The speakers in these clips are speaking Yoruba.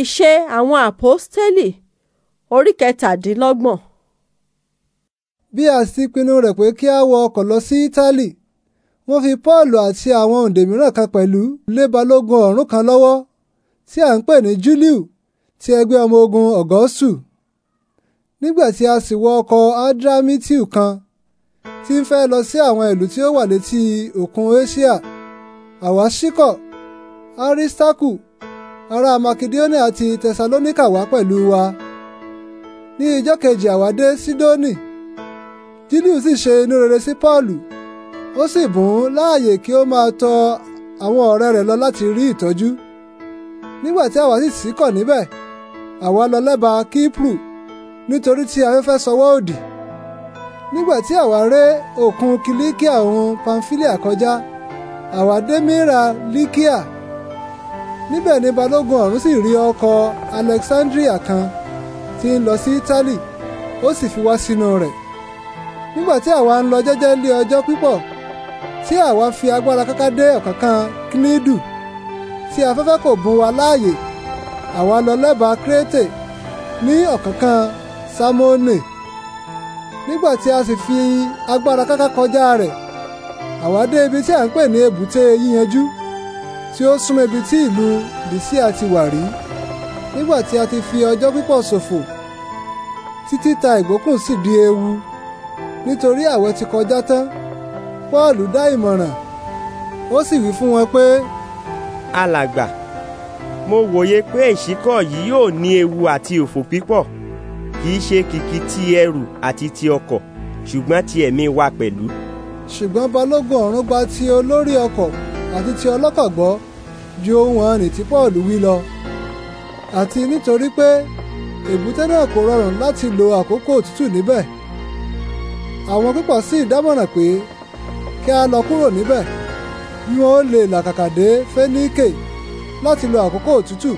Ìṣe àwọn Àpọ́stélì orí kẹtàdínlọ́gbọ̀n. Bí a sì pinnu rẹ̀ pé kí a wọ ọkọ̀ lọ sí Ítálì, wọ́n fi Pọ́ọ̀lù àti àwọn òǹdè mìíràn kan pẹ̀lú lé balógun ọ̀rún kan lọ́wọ́ tí à ń pè ní Júlíù ti ẹgbẹ́ ọmọ ogun Ọ̀gọ́stù. Nígbà tí a sì wọ ọkọ̀ Ádámítìù kan tí ń fẹ́ lọ sí àwọn ìlú tí ó wà létí òkun Asia, àwa ṣíkọ̀, ará makedónì àti tẹsalóníkà wá pẹ̀lú wa ní ijọ́ kejì àwa dé sídónì júlíù sì ṣe inú rere sí pọ́ọ̀lù ó sì bùn ún láàyè kí ó máa tọ àwọn ọ̀rẹ́ rẹ̀ lọ láti rí ìtọ́jú nígbà tí àwa sì ṣíkọ̀ níbẹ̀ àwa lọ lẹ́bàá kíprù nítorí tí afẹ́fẹ́ sọwọ́ òdì nígbà tí àwa ré òkun kìlíkíà òun pamfílíà kọjá àwa dé mìíràn líkíà níbẹ̀ ni balógun ọ̀rún sì rí ọkọ̀ alexandria kan tí ń lọ sí italy ó sì fi wá sínú rẹ̀ nígbà tí àwa ń lọ jẹ́jẹ́ lé ọjọ́ pípọ̀ tí àwa fi agbára káká dé ọ̀kánkán kínídù tí afẹ́fẹ́ kò bùn wa láàyè àwa lọ lẹ́bàá kírètè ní ọ̀kánkán sámónì nígbà tí a sì fi agbára káká kọjá rẹ̀ àwa dé ibi tí à ń pè ní èbúté yíyanjú tí ó súnmọ́ ibi tí ìlú Lísíà ti wà rí nígbà tí a ti fi ọjọ́ púpọ̀ ṣòfò títí ta ìgbókùn sì di ewu nítorí àwẹ̀ ti kọjá tán Pọ́ọ̀lù dá ìmọ̀ràn ó sì wí fún wọn pé. alàgbà mo wòye pé ìṣíkọ̀ yìí yóò ní ewu àti òfò pípọ̀ kì í ṣe kìkì ti ẹrù àti ti ọkọ̀ ṣùgbọ́n ti ẹ̀mí wa pẹ̀lú. ṣùgbọ́n balógun ọ̀rún gba ti olórí ọkọ̀ àti ti ọlọ́kọ̀gbọ́ ju ohun àrìn tí Paul wí lọ àti nítorí pé èbúté náà kò rọrùn láti lo àkókò òtútù níbẹ̀ àwọn pípọ̀ sì dámọ̀ràn pé kí a lọ kúrò níbẹ̀ bí wọn lè làkàkà dé Fẹ́níkè láti lo àkókò òtútù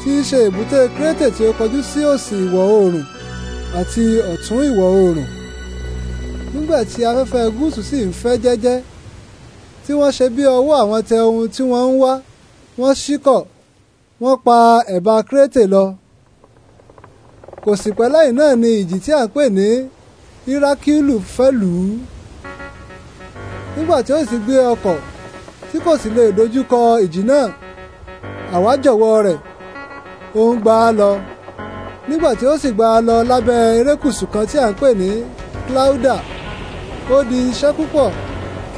tí í ṣe èbúté Krétè tí ó kọjú sí òsì ìwọ̀ oòrùn àti ọ̀tún ìwọ̀ oòrùn nígbà tí afẹ́fẹ́ gúúsù sì ń fẹ́ jẹ́jẹ́ tí wọ́n ṣe bí ọwọ́ àwọn tẹ ohun tí wọ́n ń wá wọ́n ṣíkọ̀ wọ́n pa ẹ̀bá krétè lọ kò sì pẹ́ lẹ́yìn náà ni ìjì tí à ń pè ní irakílù fẹ́ lù ú nígbà tí ó sì gbé ọkọ̀ tí kò sì lè dojúkọ ìjì náà àwa rẹ̀ ó ń gbá lọ nígbà tí ó sì gbá a lọ lábẹ́ erékùsù kan tí à ń pè ní cláúdà ó di iṣẹ́ púpọ̀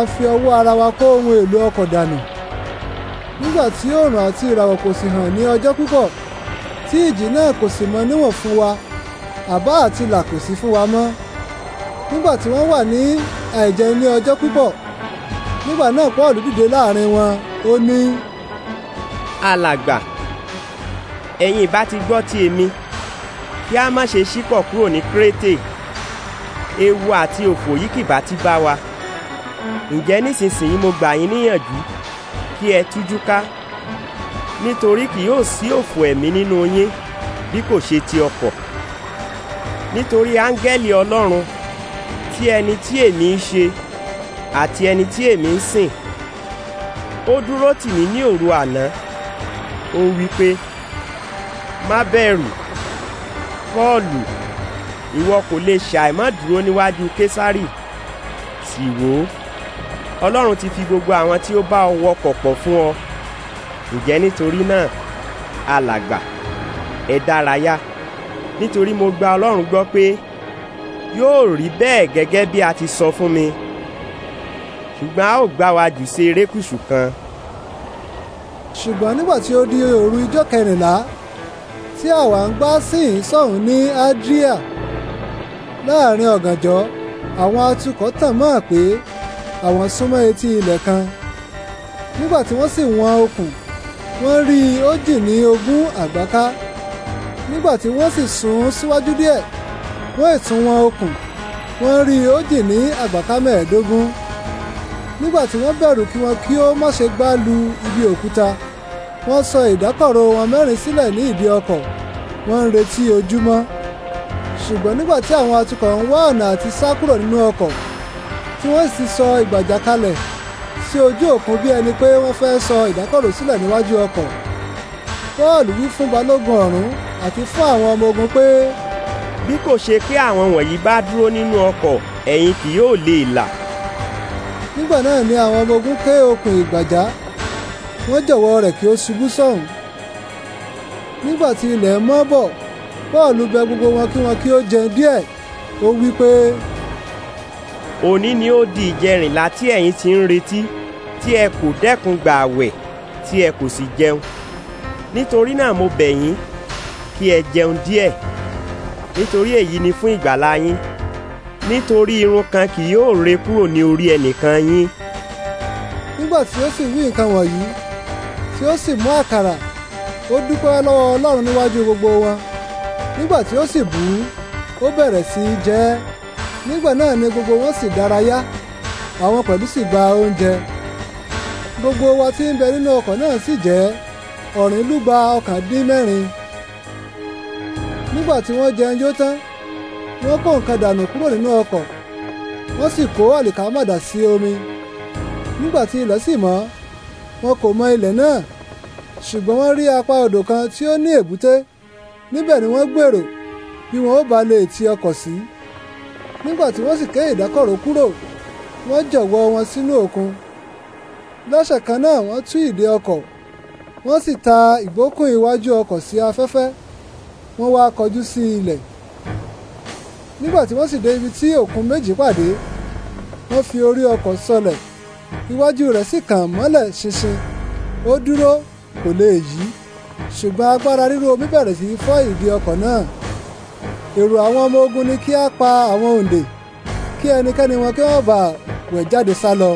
a fi ọwọ́ ara wa kó ohun èlò ọkọ̀ dànù nígbà tí òòrùn àti ìràwọ̀ kò sì hàn ní ọjọ́ púpọ̀ tí ìjì náà kò sì mọ níwọ̀n fún wa àbá àti ìlà kò sí fún wa mọ́ nígbà tí wọ́n wà ní àìjẹun ní ọjọ́ púpọ̀ nígbà náà Pọ́ọ̀lù dìde láàrin wọn ó ní. alàgbà ẹ̀yin ìbá ti gbọ́ ti èmi kí a má ṣe ṣípọ̀ kúrò ní Krétè ewu àti òfò yìí kìbá ti bá wa ǹjẹ́ nísinsìnyí mo gbà yín níyànjú kí ẹ tújú ká nítorí kì yóò sí òfò ẹ̀mí nínú yín bí kò ṣe ti ọkọ̀ nítorí áńgẹ́lì ọlọ́run tí ẹni tí èmi ń ṣe àti ẹni tí èmi ń sìn ó dúró tì mí ní òru àná ó wí pé má bẹ̀rù pọ́ọ̀lù ìwọ kò lè ṣàìmọ́ dúró níwájú késárì sì wò ó ọlọ́run ti fi gbogbo àwọn tí ó bá ọ wọkọ̀ pọ̀ fún ọ ǹjẹ́ nítorí náà alàgbà ẹ dárayá nítorí mo gba ọlọ́run gbọ́ pé yóò rí bẹ́ẹ̀ gẹ́gẹ́ bí a ti sọ fún mi ṣùgbọ́n a ó gbá wa jù sí erékùṣù kan. ṣùgbọ́n nígbà tí ó di òru ijọ́ kẹrìnlá tí àwa ń gbá sìn sọ́hùn ní adria láàrin ọ̀gànjọ́ àwọn atukọ̀ tàn mọ́ pé àwọn súnmọ́ etí ilẹ̀ kan nígbà tí wọ́n sì wọn okùn wọ́n rí i ó jì ní ogún àgbáká nígbà tí wọ́n sì sún síwájú díẹ̀ wọ́n ètún wọn okùn wọ́n rí i ó jì ní àgbáká mẹ́ẹ̀ẹ́dógún nígbà tí wọ́n bẹ̀rù kí wọn kí ó má ṣe gbá lu ibi òkúta wọ́n sọ ìdákọ̀ró wọn mẹ́rin sílẹ̀ ní ìdí ọkọ̀ wọ́n ń retí ojúmọ́ ṣùgbọ́n nígbà tí àwọn atukọ̀ ń wá ọ̀nà àti sá kúrò nínú ọkọ̀ tí wọ́n sì sọ ìgbàjá kalẹ̀ sí ojú òkun bí ẹni pé wọ́n fẹ́ sọ ìdákọ̀ró sílẹ̀ níwájú ọkọ̀ paul wí fún balógun ọ̀rún àti fún àwọn ọmọ ogun pé. bí kò ṣe pé àwọn wọ̀nyí bá dúró nínú ọkọ̀ ẹ̀yin kì yóò lè là. nígbà náà ni àwọn ọmọ ogun ké okùn ìgbàjá wọ́n jọ̀wọ́ rẹ̀ kí ó ṣubú sọ̀hún nígbà tí ilẹ̀ mọ́ bọ̀ paul bẹ̀ gbogbo wọn kí wọn kí ó jẹun díẹ̀ ó wí pé òní ni ó di ìjẹrìnlá tí ẹ̀yin ti ń retí tí ẹ kò dẹ́kun gbààwẹ̀ tí ẹ kò sì jẹun nítorí náà mo bẹ̀ yín kí ẹ jẹun díẹ̀ nítorí èyí ni fún ìgbàlá yín nítorí irun kan kì yóò re kúrò ní orí ẹnìkan yín. nígbà tí ó sì wí nǹkan wọ̀nyí tí ó sì mú àkàrà ó dúpẹ́ lọ́wọ́ ọlọ́run níwájú gbogbo wọn nígbà tí ó sì bù ú ó bẹ̀rẹ̀ sí í jẹ ẹ́ nígbà náà ni gbogbo wọn sì dárayá àwọn pẹ̀lú sì gba oúnjẹ gbogbo wa tí ń bẹ nínú ọkọ̀ náà sì jẹ́ ọ̀rìnlúgba ọ̀kàndínmẹ́rin nígbà tí wọ́n jẹun yó tán wọ́n kó nǹkan dànù kúrò nínú ọkọ̀ wọ́n sì kó àlìkámàdà sí omi nígbà tí ilẹ̀ sì mọ́ wọn kò mọ ilẹ̀ náà ṣùgbọ́n wọ́n rí apá odò kan tí ó ní èbúté níbẹ̀ ni wọ́n gbèrò bí wọn ó bá lè ti ọkọ̀ sí. Si nígbà tí wọ́n sì ké ìdákọ̀ró kúrò wọ́n jọ̀wọ́ wọn sínú òkun lọ́sẹ̀ kan náà wọ́n tú ìdè ọkọ̀ wọ́n sì ta ìgbókùn iwájú ọkọ̀ sí afẹ́fẹ́ wọ́n wá kọjú sí ilẹ̀ nígbà tí wọ́n sì dé ibi tí òkun méjì pàdé wọ́n fi orí ọkọ̀ sọlẹ̀ iwájú rẹ̀ sì kàn mọ́lẹ̀ ṣinṣin ó dúró kò lè yí ṣùgbọ́n agbára ríro omi bẹ̀rẹ̀ sí fọ́ ìdè ọkọ̀ náà èrò àwọn ọmọ ogun ni kí a pa àwọn òǹdè kí ẹnikẹ́ni wọn kí wọ́n bá wẹ̀ jáde sá lọ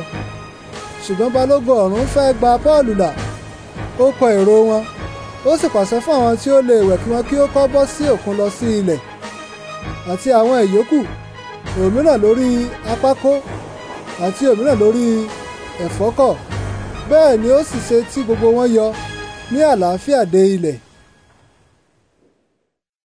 ṣùgbọ́n balógun ọ̀rún fẹ́ gba Pọ́ọ̀lù là ó kọ èrò wọn ó sì pàṣẹ fún àwọn tí ó lè wẹ̀ kí wọ́n kí ó kọ́ bọ́ sí òkun lọ sí ilẹ̀ àti àwọn ìyókù òmíràn lórí apákó àti òmíràn lórí ẹ̀fọ́kọ̀ bẹ́ẹ̀ ni ó sì ṣe tí gbogbo wọn yọ ní àlàáfíà dé ilẹ̀